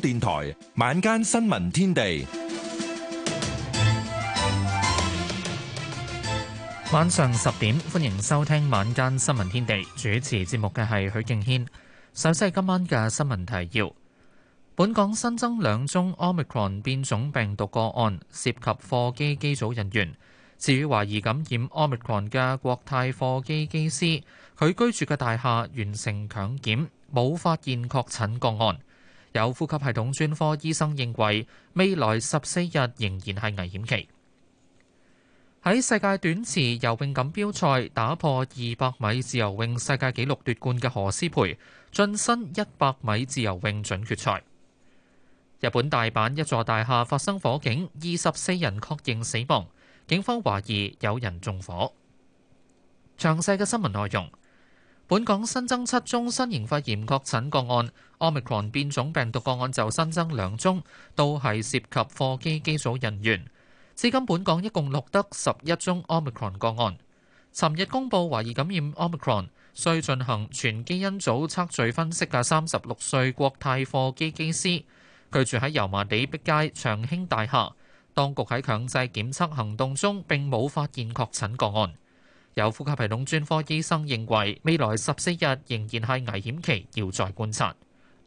電台晚間新聞天地，晚上十點歡迎收聽晚間新聞天地。主持節目嘅係許敬軒。首先係今晚嘅新聞提要：本港新增兩宗 omicron 變種病毒個案，涉及貨機機組人員。至於懷疑感染 omicron 嘅國泰貨機機師，佢居住嘅大廈完成強檢，冇發現確診個案。有呼吸系統專科醫生認為，未來十四日仍然係危險期。喺世界短池游泳錦標賽打破二百米自由泳世界紀錄奪冠嘅何詩蓓，晉身一百米自由泳準決賽。日本大阪一座大廈發生火警，二十四人確認死亡，警方懷疑有人縱火。詳細嘅新聞內容。本港新增七宗新型肺炎確診個案，Omicron 變種病毒個案就新增兩宗，都係涉及貨機機組人員。至今本港一共錄得十一宗 Omicron 個案。尋日公布懷疑感染 Omicron，需進行全基因組測序分析嘅三十六歲國泰貨機機師，佢住喺油麻地碧街長興大廈。當局喺強制檢測行動中並冇發現確診個案。有呼吸系統專科醫生認為，未來十四日仍然係危險期，要再觀察。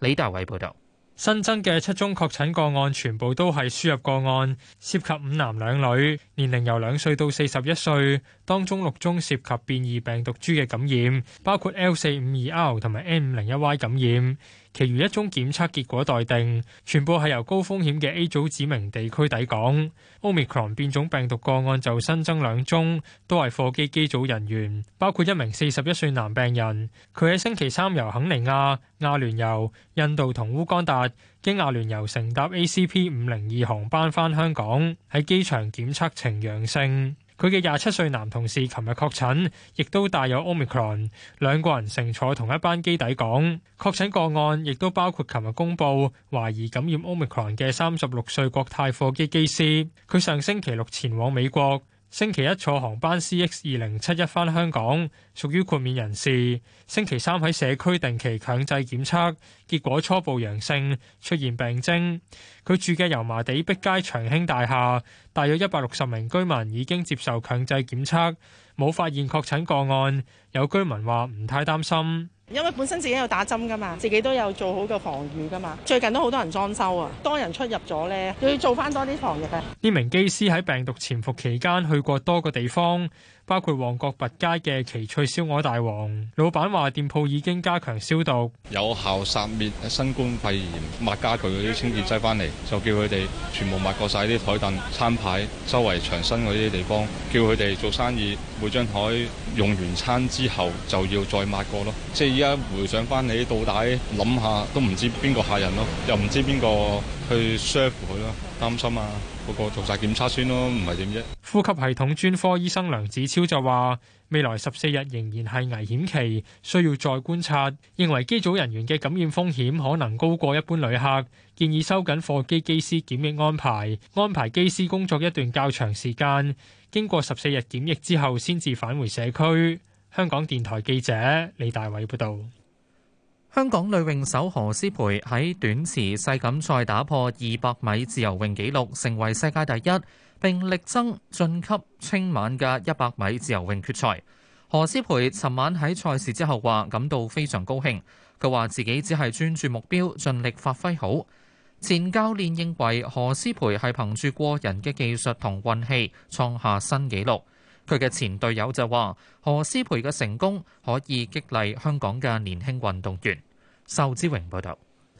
李大偉報導，新增嘅七宗確診個案全部都係輸入個案，涉及五男兩女，年齡由兩歲到四十一歲，當中六宗涉及變異病毒株嘅感染，包括 L 四五二 R 同埋 N 五零一 Y 感染。其餘一宗檢測結果待定，全部係由高風險嘅 A 組指明地區抵港。Omicron 變種病毒個案就新增兩宗，都係貨機機組人員，包括一名四十一歲男病人，佢喺星期三由肯尼亞、阿聯酋、印度同烏干達經阿聯酋乘搭 A C P 五零二航班返香港，喺機場檢測呈陽性。佢嘅廿七歲男同事琴日確診，亦都帶有 omicron，兩個人乘坐同一班機抵港。確診個案亦都包括琴日公布懷疑感染 omicron 嘅三十六歲國泰貨機機師，佢上星期六前往美國。星期一坐航班 CX 二零七一返香港，屬於豁免人士。星期三喺社區定期強制檢測，結果初步陽性，出現病徵。佢住嘅油麻地碧街長興大廈，大約一百六十名居民已經接受強制檢測，冇發現確診個案。有居民話唔太擔心。因為本身自己有打針噶嘛，自己都有做好個防禦噶嘛。最近都好多人裝修啊，多人出入咗呢，要做翻多啲防疫啊！呢名機師喺病毒潛伏期間去過多個地方。包括旺角弼街嘅奇趣燒鵝大王，老闆話店鋪已經加強消毒，有效殺滅新冠肺炎，抹家具嗰啲清潔劑翻嚟，就叫佢哋全部抹過晒啲台凳、餐牌、周圍牆身嗰啲地方，叫佢哋做生意每張台用完餐之後就要再抹過咯。即係依家回想翻，你到底諗下都唔知邊個客人咯，又唔知邊個去 serve 佢咯，擔心啊！個個做晒檢測先咯，唔係點啫。呼吸系統專科醫生梁子超就話，未來十四日仍然係危險期，需要再觀察。認為機組人員嘅感染風險可能高過一般旅客，建議收緊貨機機師檢疫安排，安排機師工作一段較長時間，經過十四日檢疫之後，先至返回社區。香港電台記者李大偉報道。香港女泳手何詩蓓喺短池世錦賽打破二百米自由泳紀錄，成為世界第一，並力爭晉級聽晚嘅一百米自由泳決賽。何詩蓓尋晚喺賽事之後話感到非常高興。佢話自己只係專注目標，盡力發揮好。前教練認為何詩蓓係憑住過人嘅技術同運氣創下新紀錄。佢嘅前隊友就話何詩蓓嘅成功可以激勵香港嘅年輕運動員。仇之榮報道。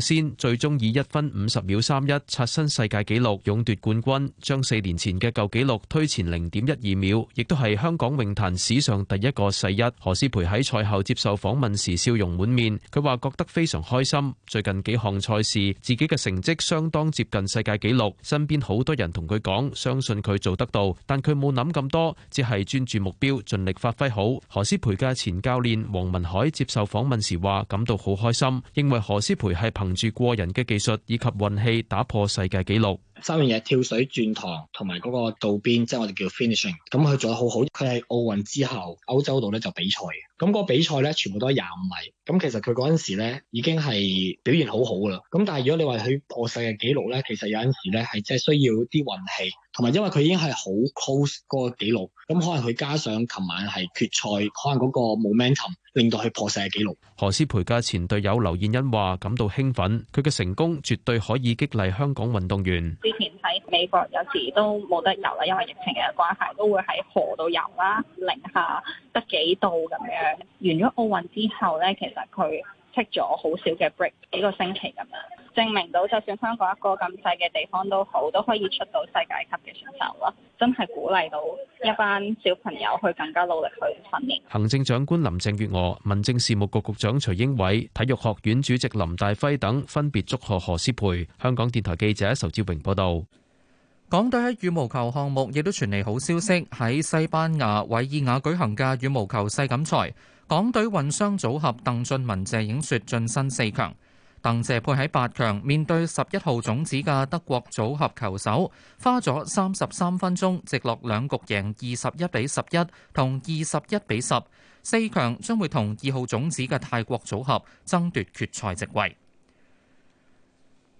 先最終以一分五十秒三一刷新世界紀錄，勇奪冠軍，將四年前嘅舊紀錄推前零點一二秒，亦都係香港泳壇史上第一個世一。何詩蓓喺賽後接受訪問時笑容滿面，佢話覺得非常開心。最近幾項賽事，自己嘅成績相當接近世界紀錄，身邊好多人同佢講，相信佢做得到，但佢冇諗咁多，只係專注目標，盡力發揮好。何詩蓓嘅前教練黃文海接受訪問時話，感到好開心，認為何詩蓓係彭。憑住過人嘅技術以及運氣打破世界紀錄，三樣嘢跳水、轉塘同埋嗰個道邊，即係我哋叫 finishing，咁、嗯、佢做得好好。佢係奧運之後歐洲度咧就比賽，咁、嗯嗰個比賽咧全部都係廿五米。咁、嗯、其實佢嗰陣時咧已經係表現好好噶啦。咁、嗯、但係如果你話佢破世界紀錄咧，其實有陣時咧係真係需要啲運氣。同埋，因為佢已經係好 close 嗰個紀錄，咁可能佢加上琴晚係決賽，可能嗰個 momentum 令到佢破曬紀錄。何詩蓓嘅前隊友劉燕欣話：感到興奮，佢嘅成功絕對可以激勵香港運動員。之前喺美國有時都冇得游啦，因為疫情嘅關係，都會喺河度游啦，零下得幾度咁樣。完咗奧運之後咧，其實佢 take 咗好少嘅 break 幾個星期咁樣。證明到，就算香港一個咁細嘅地方都好，都可以出到世界級嘅選手啦！真係鼓勵到一班小朋友去更加努力去訓練。行政長官林鄭月娥、民政事務局局長徐英偉、體育學院主席林大輝等分別祝賀何詩蓓。香港電台記者仇志榮報導。港隊喺羽毛球項目亦都傳嚟好消息，喺西班牙韋爾瓦舉行嘅羽毛球世錦賽，港隊混雙組合鄧俊文謝影雪晉身四強。鄧謝佩喺八強面對十一號種子嘅德國組合球手，花咗三十三分鐘，直落兩局贏二十一比十一同二十一比十。四強將會同二號種子嘅泰國組合爭奪決賽席位。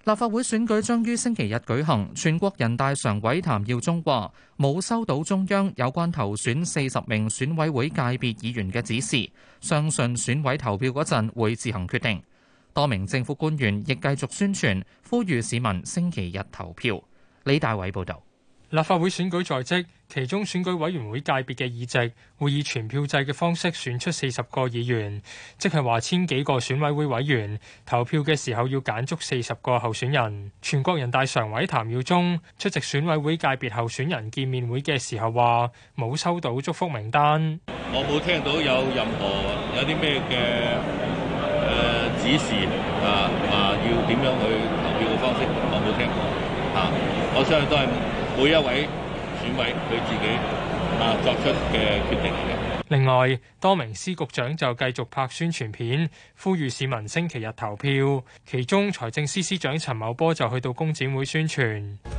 立法會選舉將於星期日舉行，全國人大常委譚耀宗話冇收到中央有關投選四十名選委會界別議員嘅指示，相信選委投票嗰陣會自行決定。多名政府官員亦繼續宣傳，呼籲市民星期日投票。李大偉報導。立法會選舉在即，其中選舉委員會界別嘅議席會以全票制嘅方式選出四十個議員，即係話千幾個選委會委員投票嘅時候要揀足四十個候選人。全國人大常委譚耀宗出席選委會界別候選人見面會嘅時候話：冇收到祝福名單。我冇聽到有任何有啲咩嘅，指示啊啊，要點樣去投票嘅方式，我冇聽過啊！我相信都係每一位選委佢自己啊作出嘅決定。另外，多名司局長就繼續拍宣傳片，呼籲市民星期日投票。其中財政司司長陳茂波就去到工展會宣傳。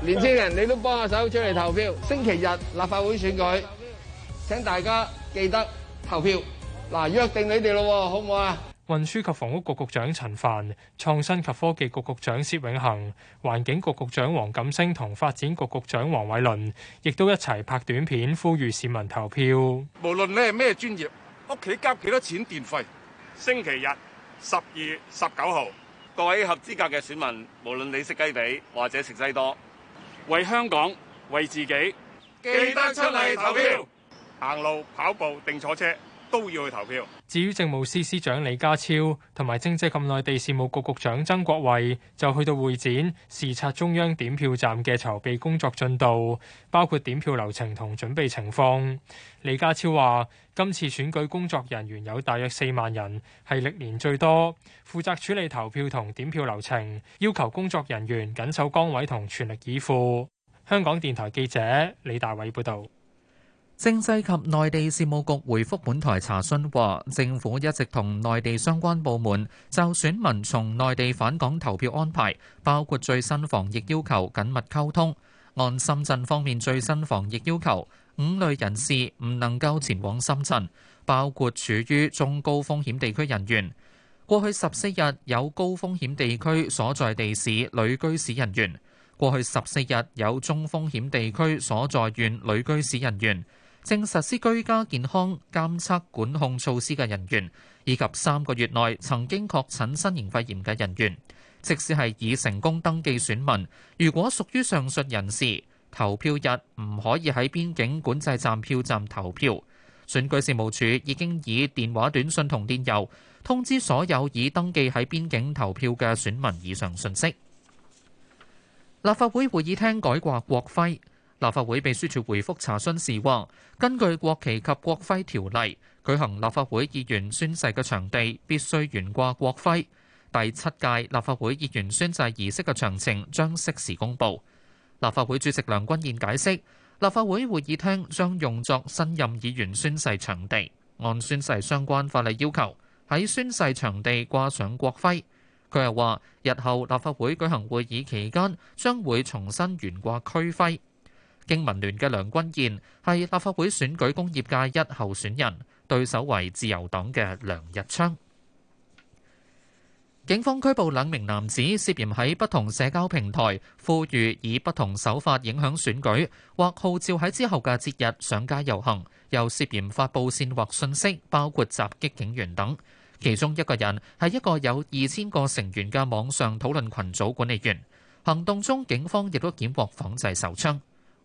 年輕人，你都幫下手出嚟投票。星期日立法會選舉，請大家記得投票。嗱、啊，約定你哋咯，好唔好啊？運輸及房屋局局長陳帆、創新及科技局局長薛永恆、環境局局長黃錦星同發展局局長黃偉綸，亦都一齊拍短片，呼籲市民投票。無論你係咩專業，屋企交幾多錢電費，星期日十二、十九號，各位合資格嘅選民，無論你食雞髀或者食西多，為香港，為自己，記得出嚟投票。行路、跑步定坐車都要去投票。至於政務司司長李家超同埋政制及內地事務局局長曾國衛就去到會展視察中央點票站嘅籌備工作進度，包括點票流程同準備情況。李家超話：今次選舉工作人員有大約四萬人，係歷年最多，負責處理投票同點票流程，要求工作人員緊守崗位同全力以赴。香港電台記者李大偉報道。政制及內地事務局回覆本台查詢話，政府一直同內地相關部門就選民從內地返港投票安排，包括最新防疫要求緊密溝通。按深圳方面最新防疫要求，五類人士唔能夠前往深圳，包括處於中高風險地區人員，過去十四日有高風險地區所在地市旅居史人員，過去十四日有中風險地區所在縣旅居史人員。正實施居家健康監測管控措施嘅人員，以及三個月內曾經確診新型肺炎嘅人員，即使係已成功登記選民，如果屬於上述人士，投票日唔可以喺邊境管制站票站投票。選舉事務處已經以電話、短信同電郵通知所有已登記喺邊境投票嘅選民以上信息。立法會會議廳改掛國徽。立法會秘書處回覆查詢時話，根據國旗及國徽條例，舉行立法會議員宣誓嘅場地必須懸掛國徽。第七屆立法會議員宣誓儀式嘅詳情將適時公佈。立法會主席梁君彥解釋，立法會會議廳將用作新任議員宣誓場地，按宣誓相關法例要求喺宣誓場地掛上國徽。佢又話，日後立法會舉行會議期間，將會重新懸掛區徽。經民聯嘅梁君彥係立法會選舉工業界一候選人，對手為自由黨嘅梁日昌。警方拘捕兩名男子，涉嫌喺不同社交平台呼籲以不同手法影響選舉，或號召喺之後嘅節日上街遊行，又涉嫌發佈煽惑信息，包括襲擊警員等。其中一個人係一個有二千個成員嘅網上討論群組管理員。行動中，警方亦都檢獲仿製手槍。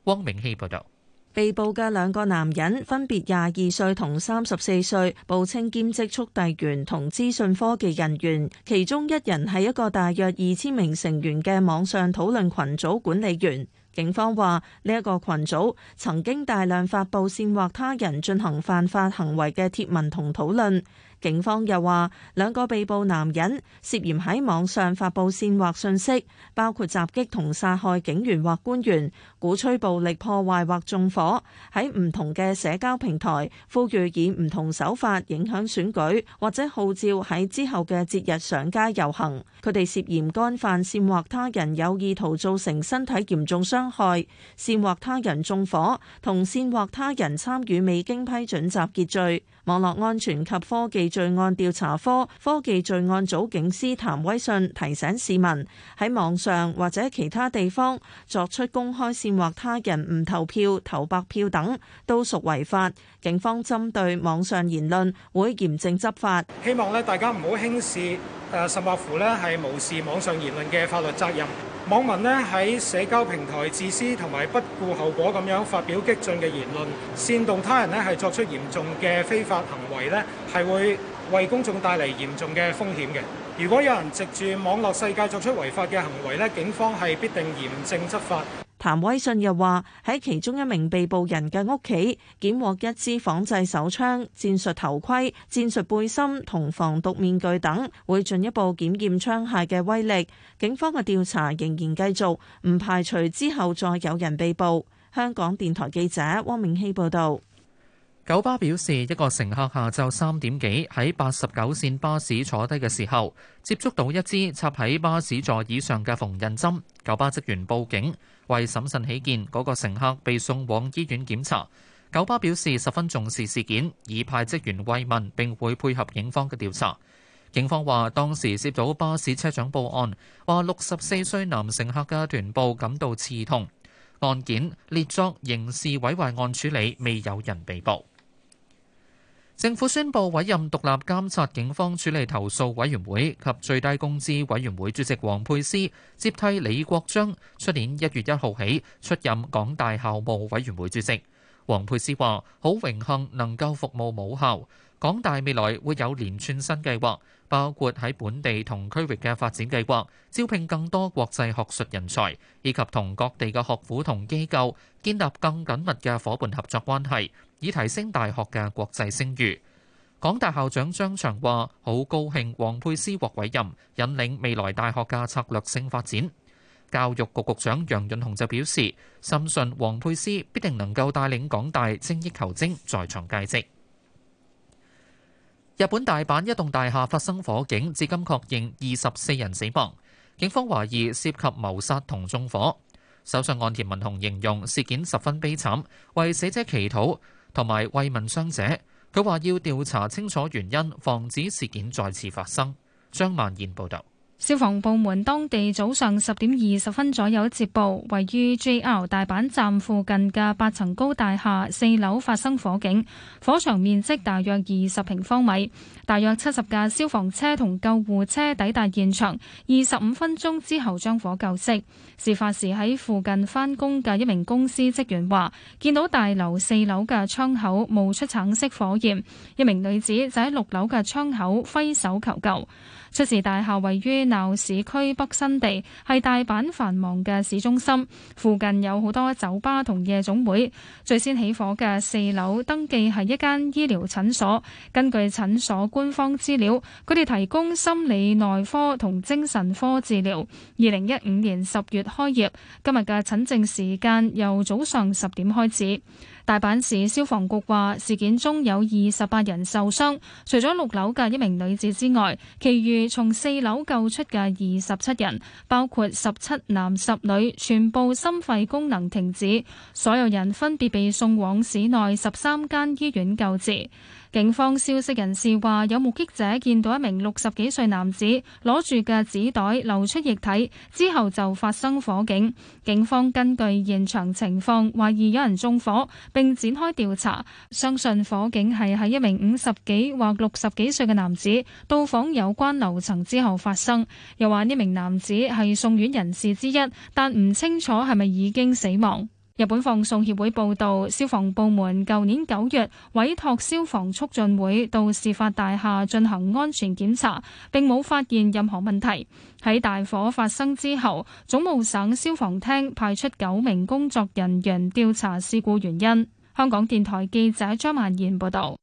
汪明熙報道，被捕嘅兩個男人分別廿二歲同三十四歲，報稱兼職速遞員同資訊科技人員，其中一人係一個大約二千名成員嘅網上討論群組管理員。警方話，呢一個群組曾經大量發布煽惑他人進行犯法行為嘅貼文同討論。警方又話，兩個被捕男人涉嫌喺網上發布煽惑信息，包括襲擊同殺害警員或官員、鼓吹暴力破壞或縱火，喺唔同嘅社交平台呼籲以唔同手法影響選舉，或者號召喺之後嘅節日上街遊行。佢哋涉嫌干犯煽惑他人有意圖造成身體嚴重傷害、煽惑他人縱火同煽惑他人參與未經批准集結罪。網絡安全及科技罪案調查科科技罪案組警司譚威信提醒市民喺網上或者其他地方作出公開煽惑他人唔投票、投白票等，都屬違法。警方針對網上言論會嚴正執法。希望咧大家唔好輕視，誒，甚至乎咧係無視網上言論嘅法律責任。網民呢喺社交平台自私同埋不顧後果咁樣發表激進嘅言論，煽動他人呢係作出嚴重嘅非法行為呢，係會為公眾帶嚟嚴重嘅風險嘅。如果有人藉住網絡世界作出違法嘅行為呢，警方係必定嚴正執法。譚威信又話：喺其中一名被捕人嘅屋企，檢獲一支仿製手槍、戰術頭盔、戰術背心同防毒面具等，會進一步檢驗槍械嘅威力。警方嘅調查仍然繼續，唔排除之後再有人被捕。香港電台記者汪明熙報道。九巴表示，一個乘客下晝三點幾喺八十九線巴士坐低嘅時候，接觸到一支插喺巴士座椅上嘅縫紉針，九巴職員報警。為審慎起見，嗰、那個乘客被送往醫院檢查。九巴表示十分重視事件，已派職員慰問並會配合警方嘅調查。警方話，當時接到巴士車長報案，話六十四歲男乘客嘅臀部感到刺痛。案件列作刑事毀壞案處理，未有人被捕。政府宣布委任獨立監察警方處理投訴委員會及最低工資委員會主席王佩斯接替李國章，出年一月一號起出任港大校務委員會主席。王佩斯話好榮幸能夠服務母校港大，未來會有連串新計劃。包括喺本地同區域嘅發展計劃，招聘更多國際學術人才，以及同各地嘅學府同機構建立更緊密嘅伙伴合作關係，以提升大學嘅國際聲譽。港大校長張翔話：好高興黃佩斯獲委任，引領未來大學嘅策略性發展。教育局局長楊潤雄就表示：深信黃佩斯必定能夠帶領港大精益求精在場，在場屆職。日本大阪一棟大廈發生火警，至今確認二十四人死亡，警方懷疑涉、涉及謀殺同縱火。首相岸田文雄形容事件十分悲慘，為死者祈禱同埋慰問傷者。佢話要調查清楚原因，防止事件再次發生。張萬燕報導。消防部門當地早上十點二十分左右接報，位於 JR 大阪站附近嘅八層高大廈四樓發生火警，火場面積大約二十平方米，大約七十架消防車同救護車抵達現場，二十五分鐘之後將火救熄。事發時喺附近返工嘅一名公司職員話，見到大樓四樓嘅窗口冒出橙色火焰，一名女子就喺六樓嘅窗口揮手求救。出事大廈位於鬧市區北新地，係大阪繁忙嘅市中心，附近有好多酒吧同夜總會。最先起火嘅四樓，登記係一間醫療診所。根據診所官方資料，佢哋提供心理內科同精神科治療。二零一五年十月開業，今日嘅診症時間由早上十點開始。大阪市消防局話，事件中有二十八人受傷，除咗六樓嘅一名女子之外，其餘從四樓救出嘅二十七人，包括十七男十女，全部心肺功能停止，所有人分別被送往市內十三間醫院救治。警方消息人士話，有目擊者見到一名六十幾歲男子攞住嘅紙袋流出液體，之後就發生火警。警方根據現場情況懷疑有人縱火，並展開調查。相信火警係喺一名五十幾或六十幾歲嘅男子到訪有關樓層之後發生。又話呢名男子係送院人士之一，但唔清楚係咪已經死亡。日本放送協會報道，消防部門舊年九月委託消防促進會到事發大廈進行安全檢查，並冇發現任何問題。喺大火發生之後，總務省消防廳派出九名工作人員調查事故原因。香港電台記者張曼燕報道。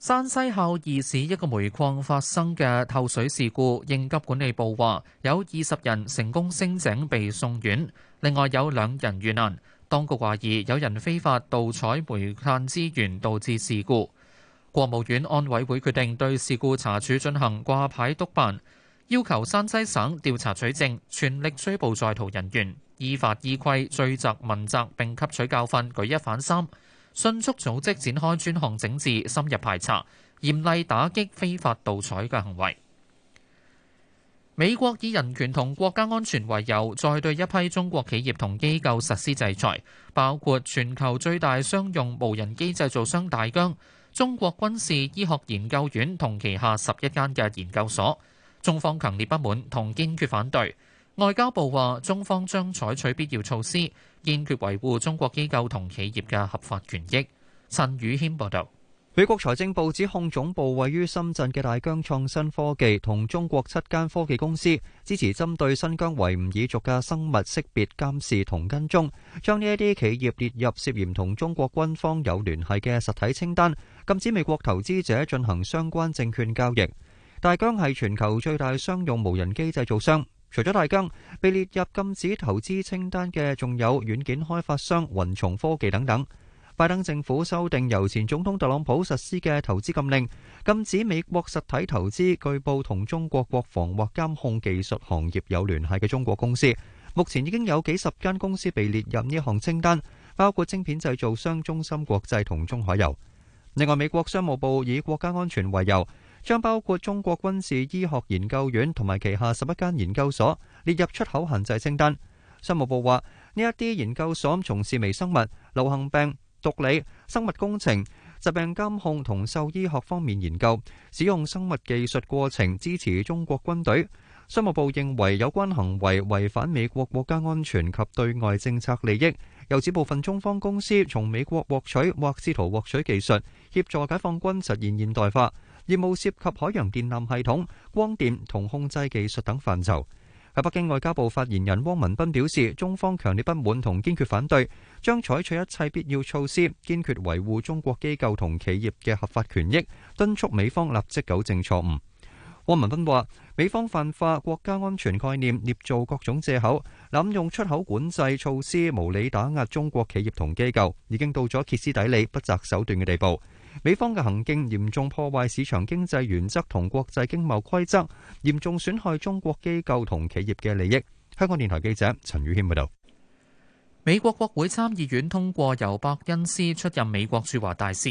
山西孝義市一個煤礦發生嘅透水事故，應急管理部話有二十人成功升井被送院，另外有兩人遇難。當局懷疑有人非法盜採煤炭資源導致事故。國務院安委會決定對事故查處進行掛牌督辦，要求山西省調查取證，全力追捕在逃人員，依法依規追責問責，並吸取教訓，舉一反三。迅速組織展開專項整治、深入排查、嚴厲打擊非法盜採嘅行為。美國以人權同國家安全為由，再對一批中國企業同機構實施制裁，包括全球最大商用無人機製造商大疆、中國軍事醫學研究院同旗下十一間嘅研究所。中方強烈不滿同堅決反對。外交部話，中方將採取必要措施，堅決維護中國機構同企業嘅合法權益。陳宇謙報道，美國財政部指控總部位於深圳嘅大疆創新科技同中國七間科技公司支持針對新疆維吾爾族嘅生物識別監視同跟蹤，將呢一啲企業列入涉嫌同中國軍方有聯繫嘅實體清單，禁止美國投資者進行相關證券交易。大疆係全球最大商用無人機製造商。除咗大疆，被列入禁止投資清單嘅，仲有軟件開發商雲從科技等等。拜登政府修訂由前總統特朗普實施嘅投資禁令，禁止美國實體投資據報同中國國防或監控技術行業有聯繫嘅中國公司。目前已經有幾十間公司被列入呢項清單，包括晶片製造商中芯國際同中海油。另外，美國商務部以國家安全為由，將包括中國軍事醫學研究院同埋旗下十一間研究所列入出口限制清單。商務部話，呢一啲研究所從事微生物、流行病、毒理、生物工程、疾病監控同獸醫學方面研究，使用生物技術過程支持中國軍隊。商務部認為有關行為違反美國國家安全及對外政策利益，又指部分中方公司從美國獲取或試圖獲取技術，協助解放軍實現現代化。業務涉及海洋電纜系統、光電同控制技術等範疇。喺北京外交部發言人汪文斌表示，中方強烈不滿同堅決反對，將採取一切必要措施，堅決維護中國機構同企業嘅合法權益，敦促美方立即糾正錯誤。汪文斌話：美方泛化國家安全概念，捏造各種借口，濫用出口管制措施，無理打壓中國企業同機構，已經到咗歇斯底里、不擇手段嘅地步。美方嘅行徑嚴重破壞市場經濟原則同國際經貿規則，嚴重損害中國機構同企業嘅利益。香港電台記者陳宇謙報導。美國國會參議院通過由伯恩斯出任美國駐華大使，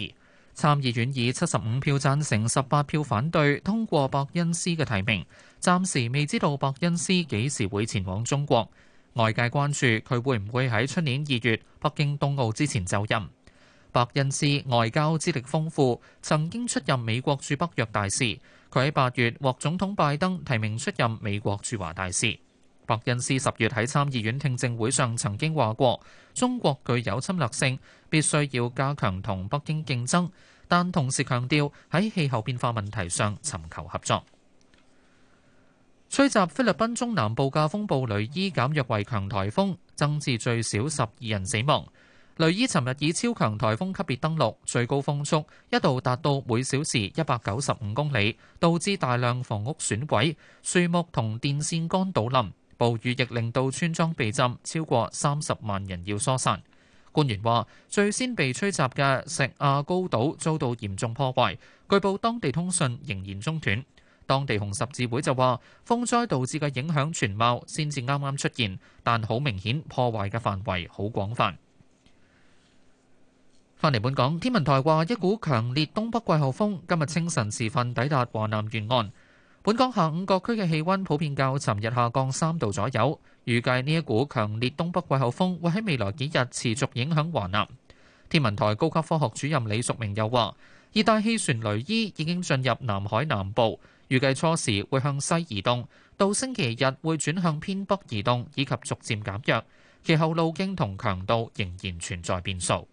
參議院以七十五票贊成、十八票反對通過伯恩斯嘅提名。暫時未知道伯恩斯幾時會前往中國。外界關注佢會唔會喺出年二月北京冬奧之前就任。白恩斯外交資歷豐富，曾經出任美國駐北約大使。佢喺八月獲總統拜登提名出任美國駐華大使。白恩斯十月喺參議院聽證會上曾經話過：中國具有侵略性，必須要加強同北京競爭，但同時強調喺氣候變化問題上尋求合作。吹襲菲律賓中南部嘅風暴雷伊減弱為強颱風，增至最少十二人死亡。雷伊尋日以超強颱風級別登陸，最高風速一度達到每小時一百九十五公里，導致大量房屋損毀、樹木同電線杆倒冧，暴雨亦令到村莊被浸，超過三十萬人要疏散。官員話，最先被吹襲嘅石亞高島遭到嚴重破壞，據報當地通訊仍然中斷。當地紅十字會就話，風災導致嘅影響全貌先至啱啱出現，但好明顯破壞嘅範圍好廣泛。返嚟本港，天文台話一股強烈東北季候風今日清晨時分抵達華南沿岸。本港下午各區嘅氣溫普遍較尋日下降三度左右。預計呢一股強烈東北季候風會喺未來幾日持續影響華南。天文台高級科學主任李淑明又話，熱帶氣旋雷伊已經進入南海南部，預計初時會向西移動，到星期日會轉向偏北移動，以及逐漸減弱。其後路徑同強度仍然存在變數。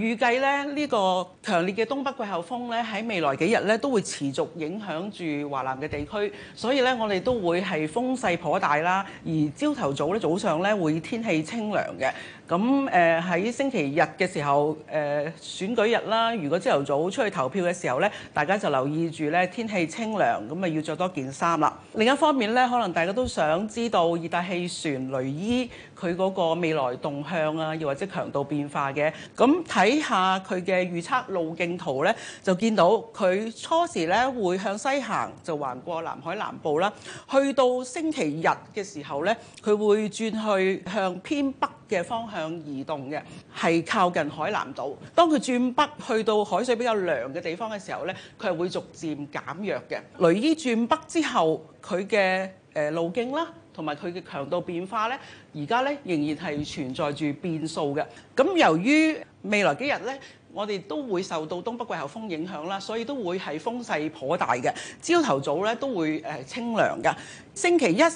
預計咧呢個強烈嘅東北季候風咧喺未來幾日咧都會持續影響住華南嘅地區，所以咧我哋都會係風勢頗大啦。而朝頭早咧早上咧會天氣清涼嘅，咁誒喺星期日嘅時候誒、呃、選舉日啦，如果朝頭早出去投票嘅時候咧，大家就留意住咧天氣清涼，咁啊要着多件衫啦。另一方面咧，可能大家都想知道熱帶氣旋雷伊佢嗰個未來動向啊，又或者強度變化嘅，咁睇下佢嘅預測路徑圖呢，就見到佢初時呢會向西行，就橫過南海南部啦。去到星期日嘅時候呢，佢會轉去向偏北嘅方向移動嘅，係靠近海南島。當佢轉北去到海水比較涼嘅地方嘅時候呢，佢係會逐漸減弱嘅。雷伊轉北之後，佢嘅誒路徑啦，同埋佢嘅強度變化呢。而家咧仍然係存在住變數嘅，咁由於未來幾日咧。我哋都會受到東北季候風影響啦，所以都會係風勢頗大嘅。朝頭早咧都會誒清涼㗎。星期一、二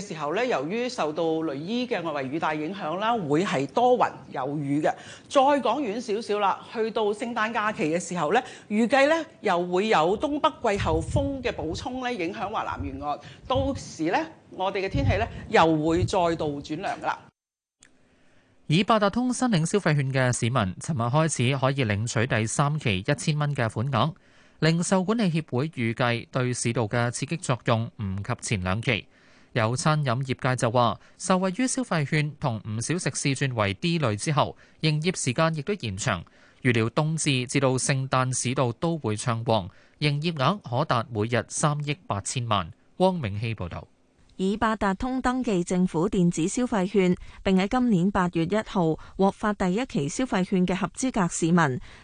嘅時候咧，由於受到雷伊嘅外圍雨帶影響啦，會係多雲有雨嘅。再講遠少少啦，去到聖誕假期嘅時候咧，預計咧又會有東北季候風嘅補充咧影響華南沿岸，到時咧我哋嘅天氣咧又會再度轉涼㗎啦。以八達通申領消費券嘅市民，尋日開始可以領取第三期一千蚊嘅款額。零售管理協會預計對市道嘅刺激作用唔及前兩期。有餐飲業界就話，受惠於消費券同唔少食肆轉為 D 類之後，營業時間亦都延長，預料冬至至到聖誕市道都都會暢旺，營業額可達每日三億八千萬。汪明希報導。以八達通登記政府電子消費券，並喺今年八月一號獲發第一期消費券嘅合資格市民，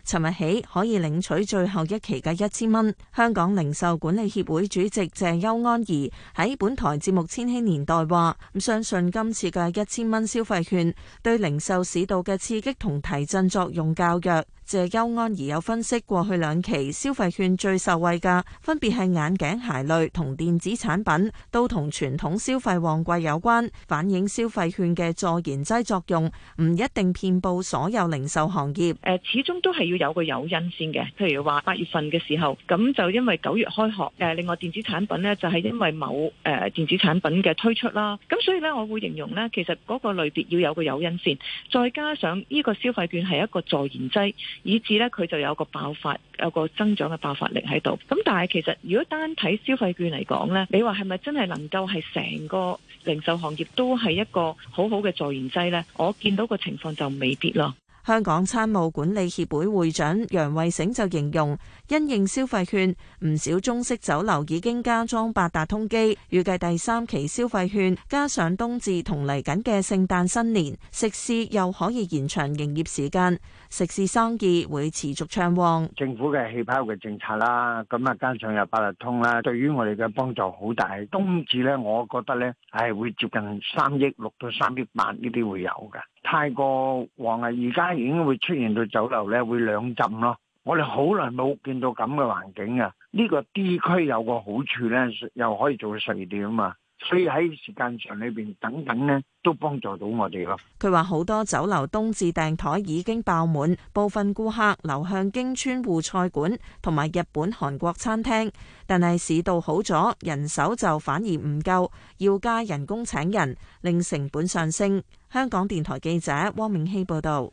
尋日起可以領取最後一期嘅一千蚊。香港零售管理協會主席謝邱安怡喺本台節目《千禧年代》話，相信今次嘅一千蚊消費券對零售市道嘅刺激同提振作用較弱。謝邱安怡有分析，過去兩期消費券最受惠嘅，分別係眼鏡、鞋類同電子產品，都同傳統消費旺季有關，反映消費券嘅助燃劑作用，唔一定遍佈所有零售行業。誒，始終都係要有個誘因先嘅。譬如話八月份嘅時候，咁就因為九月開學。誒，另外電子產品呢，就係因為某誒電子產品嘅推出啦。咁所以呢，我會形容呢，其實嗰個類別要有個誘因先，再加上呢個消費券係一個助燃劑，以至呢，佢就有個爆發，有個增長嘅爆發力喺度。咁但係，其實如果單睇消費券嚟講呢，你話係咪真係能夠係成個零售行業都係一個好好嘅助燃劑呢？我見到個情況就未必咯。嗯、香港餐務管理協會會,會長楊慧醒就形容，因應消費券，唔少中式酒樓已經加裝八達通機，預計第三期消費券加上冬至同嚟緊嘅聖誕新年，食肆又可以延長營業時間。食肆生意會持續暢旺，政府嘅氣泡嘅政策啦，咁啊加上有八達通啦，對於我哋嘅幫助好大。冬至咧，我覺得咧係會接近三億六到三億八呢啲會有㗎。太過旺啊，而家已經會出現到酒樓咧會兩浸咯。我哋好耐冇見到咁嘅環境啊！呢個 D 區有個好處咧，又可以做到十二點啊嘛。所以喺時間長裏邊，等等咧，都幫助到我哋咯。佢話好多酒樓冬至訂台已經爆滿，部分顧客流向京川滬菜館同埋日本、韓國餐廳，但係市道好咗，人手就反而唔夠，要加人工請人，令成本上升。香港電台記者汪明熙報道。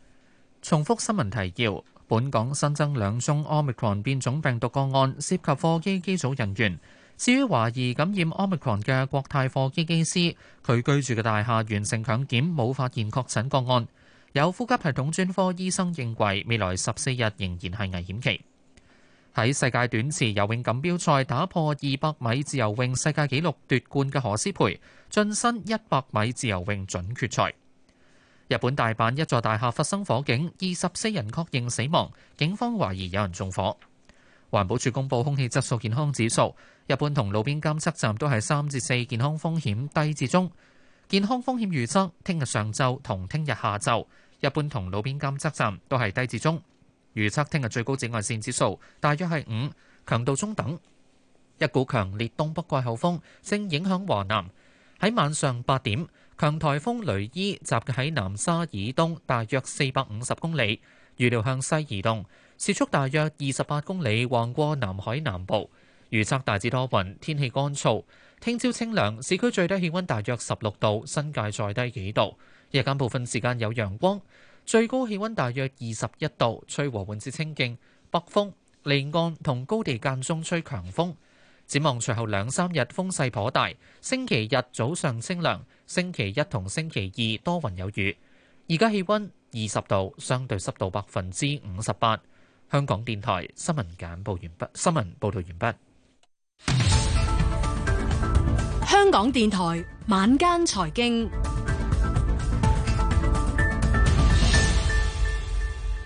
重複新聞提要：本港新增兩宗 Omicron 變種病毒個案，涉及貨機機組人員。至於懷疑感染 Omicron 嘅國泰貨機機師，佢居住嘅大廈完成強檢，冇發現確診個案。有呼吸系統專科醫生認為，未來十四日仍然係危險期。喺世界短池游泳錦標賽打破二百米自由泳世界紀錄奪冠嘅何詩蓓，晉身一百米自由泳準決賽。日本大阪一座大廈發生火警，二十四人確認死亡，警方懷疑有人縱火。環保署公布空氣質素健康指數，一般同路邊監測站都係三至四，健康風險低至中。健康風險預測，聽日上晝同聽日下晝，一般同路邊監測站都係低至中。預測聽日最高紫外線指數大約係五，強度中等。一股強烈東北季候風正影響華南，喺晚上八點，強台風雷伊集結喺南沙以東，大約四百五十公里，預料向西移動。時速大約二十八公里，橫過南海南部。預測大致多雲，天氣乾燥。聽朝清涼，市區最低氣溫大約十六度，新界再低幾度。日間部分時間有陽光，最高氣溫大約二十一度，吹和緩至清勁北風。離岸同高地間中吹強風。展望隨後兩三日風勢頗大。星期日早上清涼，星期一同星期二多雲有雨。而家氣溫二十度，相對濕度百分之五十八。香港電台新聞簡報完畢。新聞報道完畢。香港電台晚間財經，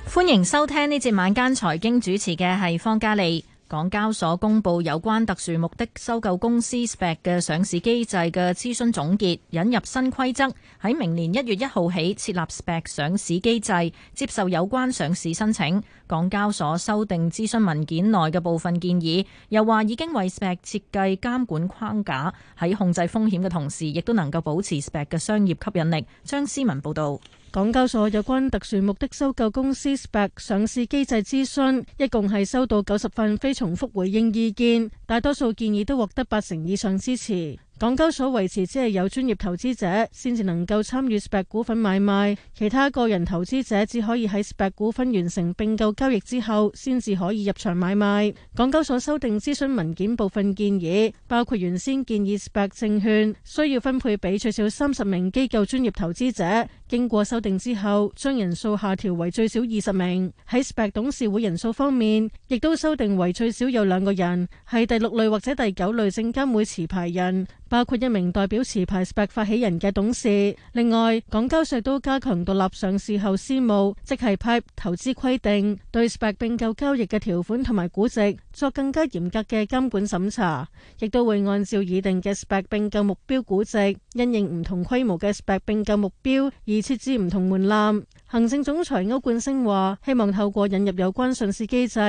歡迎收聽呢節晚間財經，主持嘅係方嘉利。港交所公布有關特殊目的收購公司 SPAC 嘅上市機制嘅諮詢總結，引入新規則喺明年一月一號起設立 SPAC 上市機制，接受有關上市申請。港交所修訂諮詢文件內嘅部分建議，又話已經為 SPAC 設計監管框架，喺控制風險嘅同時，亦都能夠保持 SPAC 嘅商業吸引力。張思文報道。港交所有關特殊目的收購公司 SPAC 上市機制諮詢，一共係收到九十份非重複回應意見，大多數建議都獲得八成以上支持。港交所維持只係有專業投資者先至能夠參與 SPAC 股份買賣，其他個人投資者只可以喺 SPAC 股份完成併購交易之後，先至可以入場買賣。港交所修訂諮詢文件部分建議，包括原先建議 SPAC 證券需要分配俾最少三十名機構專業投資者，經過修訂之後，將人數下調為最少二十名。喺 SPAC 董事會人數方面，亦都修訂為最少有兩個人，係第六類或者第九類證監會持牌人。包括一名代表持牌 Spec 發起人嘅董事。另外，港交所都加強獨立上市後私募，即係 PIPE 投資規定，對 Spec 併購交易嘅條款同埋估值作更加嚴格嘅監管審查，亦都會按照擬定嘅 Spec 併購目標估值，因應唔同規模嘅 Spec 併購目標而設置唔同門檻。行政總裁歐冠星話，希望透過引入有關上市機制。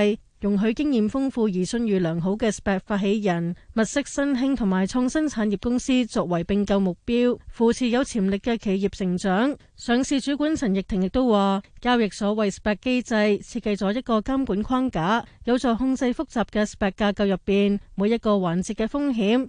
容許經驗豐富而信譽良好嘅 SPAC 發起人物色新興同埋創新產業公司作為併購目標，扶持有潛力嘅企業成長。上市主管陳奕霆亦都話，交易所為 SPAC 機制設計咗一個監管框架，有助控制複雜嘅 SPAC 架構入邊每一個環節嘅風險。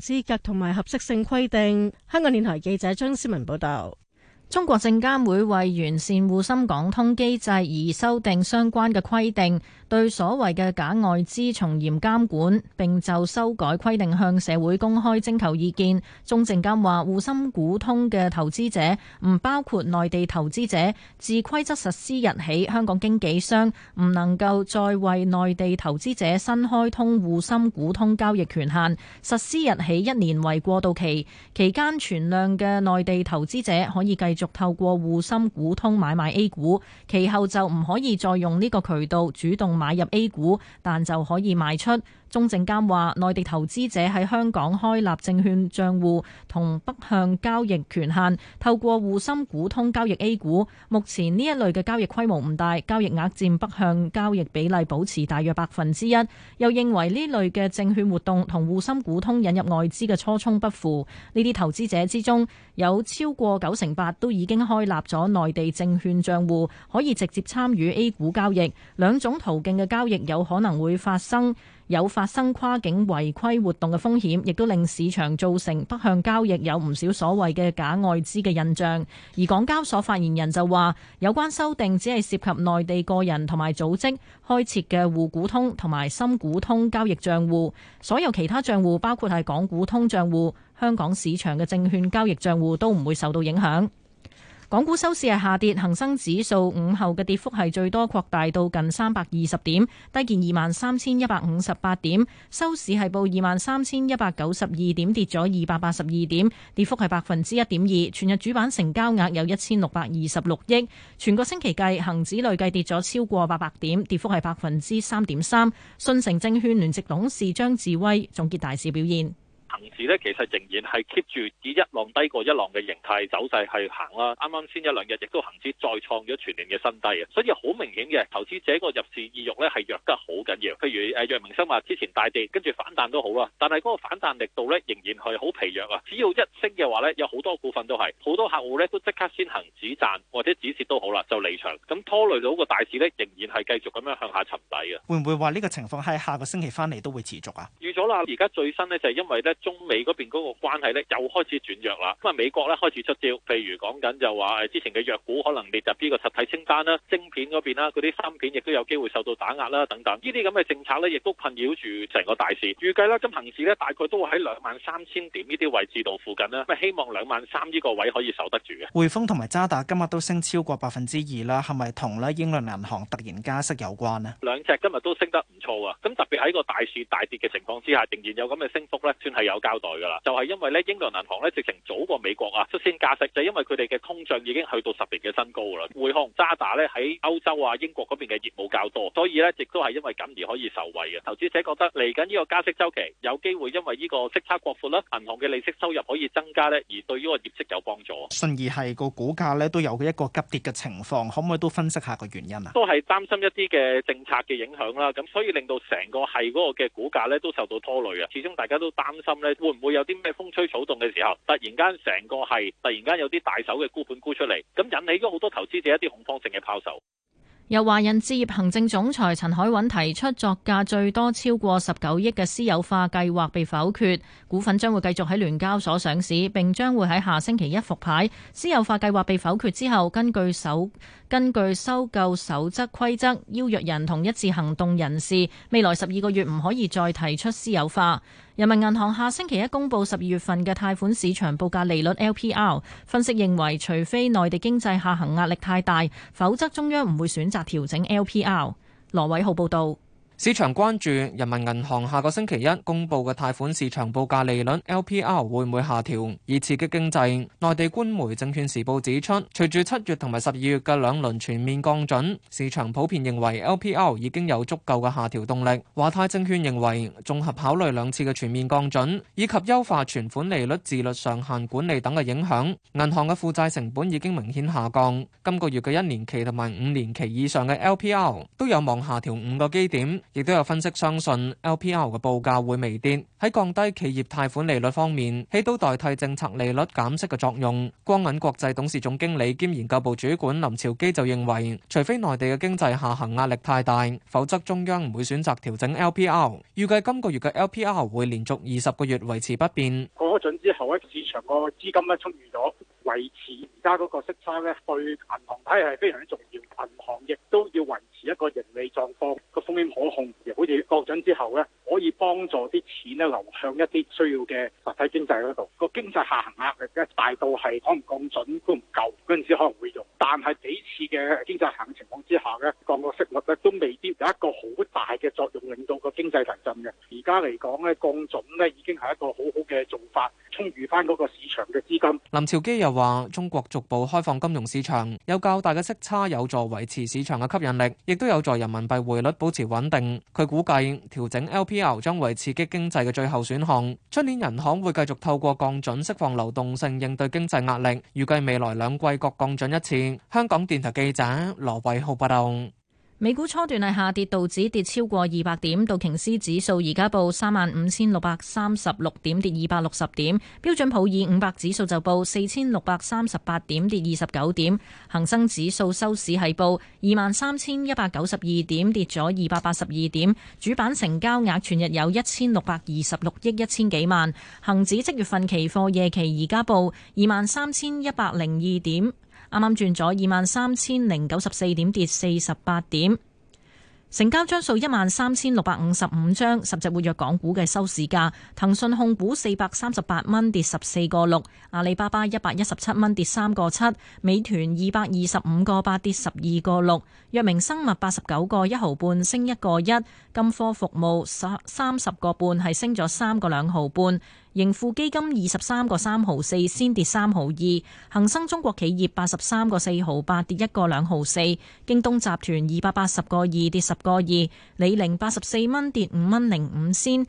資格同埋合適性規定。香港電台記者張思文報道，中國證監會為完善滬深港通機制而修訂相關嘅規定。對所謂嘅假外資從嚴監管，並就修改規定向社會公開徵求意見。中證監話，滬深股通嘅投資者唔包括內地投資者。自規則實施日起，香港經紀商唔能夠再為內地投資者新開通滬深股通交易權限。實施日起一年為過渡期，期間存量嘅內地投資者可以繼續透過滬深股通買賣 A 股，其後就唔可以再用呢個渠道主動買入 A 股，但就可以賣出。中證監話，內地投資者喺香港開立證券賬戶同北向交易權限，透過滬深股通交易 A 股。目前呢一類嘅交易規模唔大，交易額占北向交易比例保持大約百分之一。又認為呢類嘅證券活動同滬深股通引入外資嘅初衷不符。呢啲投資者之中有超過九成八都已經開立咗內地證券賬戶，可以直接參與 A 股交易。兩種途徑嘅交易有可能會發生。有發生跨境違規活動嘅風險，亦都令市場造成北向交易有唔少所謂嘅假外資嘅印象。而港交所發言人就話：有關修訂只係涉及內地個人同埋組織開設嘅滬股通同埋深股通交易帳戶，所有其他帳戶，包括係港股通帳戶、香港市場嘅證券交易帳戶，都唔會受到影響。港股收市係下跌，恒生指數午後嘅跌幅係最多擴大到近三百二十點，低見二萬三千一百五十八點，收市係報二萬三千一百九十二點，跌咗二百八十二點，跌幅係百分之一點二。全日主板成交額有一千六百二十六億，全個星期計，恒指累計跌咗超過八百點，跌幅係百分之三點三。信誠證券聯席董事張智威總結大市表現。恒指咧，其實仍然係 keep 住以一浪低過一浪嘅形態走勢去行啦。啱啱先一兩日，亦都恒指再創咗全年嘅新低啊！所以好明顯嘅，投資者個入市意欲咧係弱得好緊要。譬如誒，楊明生話之前大跌，跟住反彈都好啦，但係嗰個反彈力度咧仍然係好疲弱啊！只要一升嘅話咧，有好多股份都係，好多客戶咧都即刻先行止賺或者止蝕都好啦，就離場。咁拖累到個大市咧，仍然係繼續咁樣向下沉底啊。會唔會話呢個情況喺下個星期翻嚟都會持續啊？預咗啦、啊，而家最新咧就係因為咧。中美嗰邊嗰個關係咧又開始轉弱啦，咁啊美國咧開始出招，譬如講緊就話之前嘅藥股可能列入呢個實體清單啦、晶片嗰邊啦、嗰啲芯片亦都有機會受到打壓啦等等，呢啲咁嘅政策咧亦都困擾住成個大市。預計咧今行市咧大概都會喺兩萬三千點呢啲位置度附近啦，咁希望兩萬三呢個位可以守得住嘅。匯豐同埋渣打今日都升超過百分之二啦，係咪同咧英倫銀行突然加息有關咧？兩隻今日都升得唔錯啊，咁特別喺個大市大跌嘅情況之下，仍然有咁嘅升幅咧，算係有有交代噶啦，就係因為咧，英國銀行咧直情早過美國啊，率先加息，就係因為佢哋嘅通脹已經去到十年嘅新高啦。匯控渣打咧喺歐洲啊、英國嗰邊嘅業務較多，所以咧亦都係因為咁而可以受惠嘅。投資者覺得嚟緊呢個加息周期，有機會因為呢個息差擴闊啦，銀行嘅利息收入可以增加咧，而對呢個業績有幫助。信義系個股價咧都有嘅一個急跌嘅情況，可唔可以都分析下個原因啊？都係擔心一啲嘅政策嘅影響啦，咁所以令到成個系嗰個嘅股價咧都受到拖累嘅。始終大家都擔心。會唔會有啲咩風吹草動嘅時候，突然間成個係突然間有啲大手嘅沽盤沽出嚟，咁引起咗好多投資者一啲恐慌性嘅拋售。由華人置業行政總裁陳凱韻提出作價最多超過十九億嘅私有化計劃被否決，股份將會繼續喺聯交所上市，並將會喺下星期一復牌。私有化計劃被否決之後，根據守根據收購守則規則，邀約人同一致行動人士未來十二個月唔可以再提出私有化。人民銀行下星期一公布十二月份嘅貸款市場報價利率 LPR，分析認為，除非內地經濟下行壓力太大，否則中央唔會選擇調整 LPR。羅偉浩報道。市場關注人民銀行下個星期一公布嘅貸款市場報價利率 （LPR） 會唔會下調，以刺激經濟。內地官媒《證券時報》指出，隨住七月同埋十二月嘅兩輪全面降準，市場普遍認為 LPR 已經有足夠嘅下調動力。華泰證券認為，綜合考慮兩次嘅全面降準，以及優化存款利率、自律上限管理等嘅影響，銀行嘅負債成本已經明顯下降。今個月嘅一年期同埋五年期以上嘅 LPR 都有望下調五個基點。亦都有分析相信 LPR 嘅報價會微跌，喺降低企業貸款利率方面起到代替政策利率減息嘅作用。光銀國際董事總經理兼研究部主管林朝基就認為，除非內地嘅經濟下行壓力太大，否則中央唔會選擇調整 LPR。預計今個月嘅 LPR 會連續二十個月維持不變。過咗准之後，咧市場個資金咧出現咗，維持而家嗰個息差咧對銀行批係非常之重要。銀行亦都要維持一個盈利狀況。可控，而好似降準之後咧，可以幫助啲錢咧流向一啲需要嘅實體經濟嗰度。個經濟下行壓力咧大到係可能降準都唔夠，嗰陣時可能會用。但係幾次嘅經濟下行情況之下咧，降個息率咧都未必有一個好大嘅作用，令到個經濟提振嘅。而家嚟講咧，降準咧已經係一個好好嘅做法。預翻嗰個市場嘅資金。林潮基又話：中國逐步開放金融市場，有較大嘅息差有助維持市場嘅吸引力，亦都有助人民幣匯率保持穩定。佢估計調整 LPR 將為刺激經濟嘅最後選項。出年銀行會繼續透過降準釋放流動性，應對經濟壓力。預計未來兩季各降準一次。香港電台記者羅偉浩報道。美股初段係下跌，道指跌超過二百點，道瓊斯指數而家報三萬五千六百三十六點，跌二百六十點，標準普爾五百指數就報四千六百三十八點，跌二十九點，恒生指數收市係報二萬三千一百九十二點，跌咗二百八十二點，主板成交額全日有一千六百二十六億一千幾萬，恒指即月份期貨夜期而家報二萬三千一百零二點。啱啱轉咗二萬三千零九十四點，跌四十八點。成交張數一萬三千六百五十五張，十隻活躍港股嘅收市價：騰訊控股四百三十八蚊，跌十四個六；阿里巴巴一百一十七蚊，跌三個七；美團二百二十五個八，跌十二個六；藥明生物八十九個一毫半，升一個一；金科服務三三十個半，係升咗三個兩毫半。盈富基金二十三個三毫四，先跌三毫二；恒生中國企業八十三個四毫八，跌一個兩毫四；京東集團二百八十個二，跌十個二；李寧八十四蚊，跌五蚊零五先，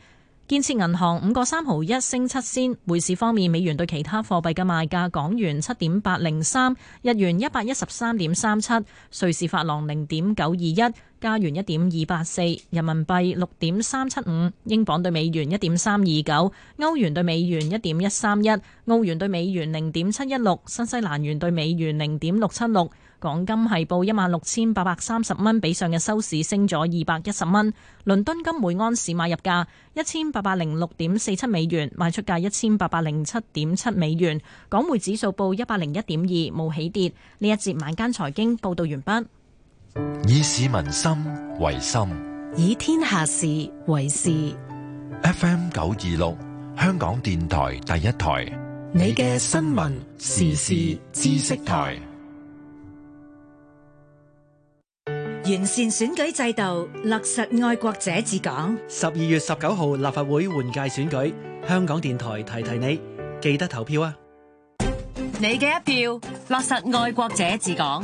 建設銀行五個三毫一升七仙。匯市方面，美元對其他貨幣嘅賣價：港元七點八零三，日元一百一十三點三七，瑞士法郎零點九二一。加元一點二八四，4, 人民幣六點三七五，英鎊對美元一點三二九，歐元對美元一點一三一，澳元對美元零點七一六，新西蘭元對美元零點六七六。港金係報一萬六千八百三十蚊，比上日收市升咗二百一十蚊。倫敦金每安士買入價一千八百零六點四七美元，賣出價一千八百零七點七美元。港匯指數報一百零一點二，冇起跌。呢一節晚間財經報道完畢。以市民心為心，以天下事為事。FM 九二六，香港電台第一台，你嘅新聞時事知識台。完善選舉制度，落實愛國者治港。十二月十九號立法會換屆選舉，香港電台提提你，記得投票啊！你嘅一票，落實愛國者治港。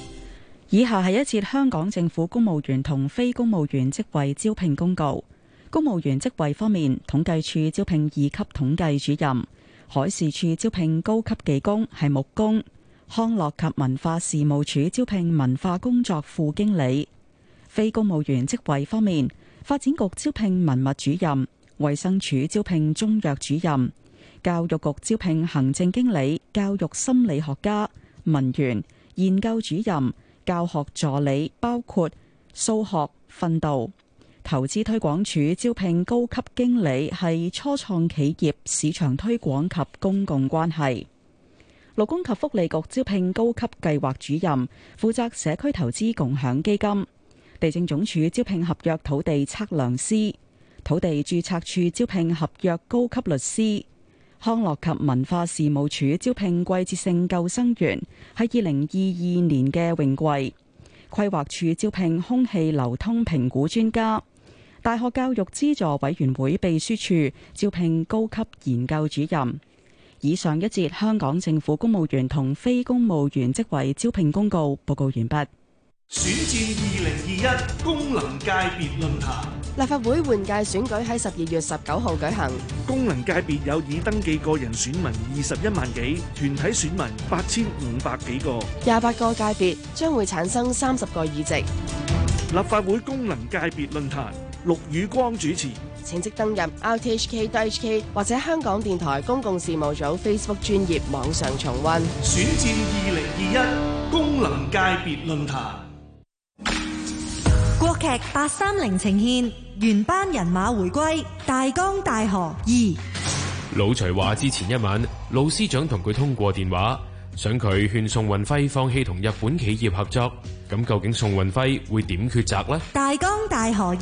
以下係一次香港政府公務員同非公務員職位招聘公告。公務員職位方面，統計處招聘二級統計主任；海事處招聘高級技工，係木工；康樂及文化事務署招聘文化工作副經理。非公務員職位方面，發展局招聘文物主任；衛生署招聘中藥主任；教育局招聘行政經理、教育心理學家、文員、研究主任。教學助理包括數學、訓導。投資推廣署招聘高級經理，係初創企業市場推廣及公共關係。勞工及福利局招聘高級計劃主任，負責社區投資共享基金。地政總署招聘合約土地測量師，土地注冊處招聘合約高級律師。康樂及文化事務署招聘季節性救生員，喺二零二二年嘅泳季。規劃署招聘空氣流通評估專家。大學教育資助委員會秘書處招聘高級研究主任。以上一節香港政府公務員同非公務員職位招聘公告，報告完畢。選戰二零二一功能界別論壇。立法會換屆選舉喺十二月十九號舉行，功能界別有已登記個人選民二十一萬幾，團體選民八千五百幾個，廿八個界別將會產生三十個議席。立法會功能界別論壇，陸宇光主持，請即登入 rthk.hk 或者香港電台公共事務組 Facebook 專頁網上重温選戰二零二一功能界別論壇。劇八三零呈現原班人馬回歸《大江大河二》，老徐話之前一晚，老師長同佢通過電話，想佢勸宋運輝放棄同日本企業合作。咁究竟宋運輝會點抉擇呢？《大江大河二》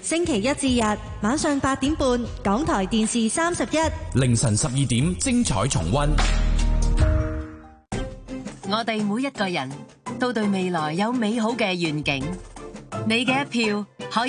星期一至日晚上八點半，港台電視三十一，凌晨十二點精彩重溫。我哋每一個人都對未來有美好嘅願景。你嘅一票可以。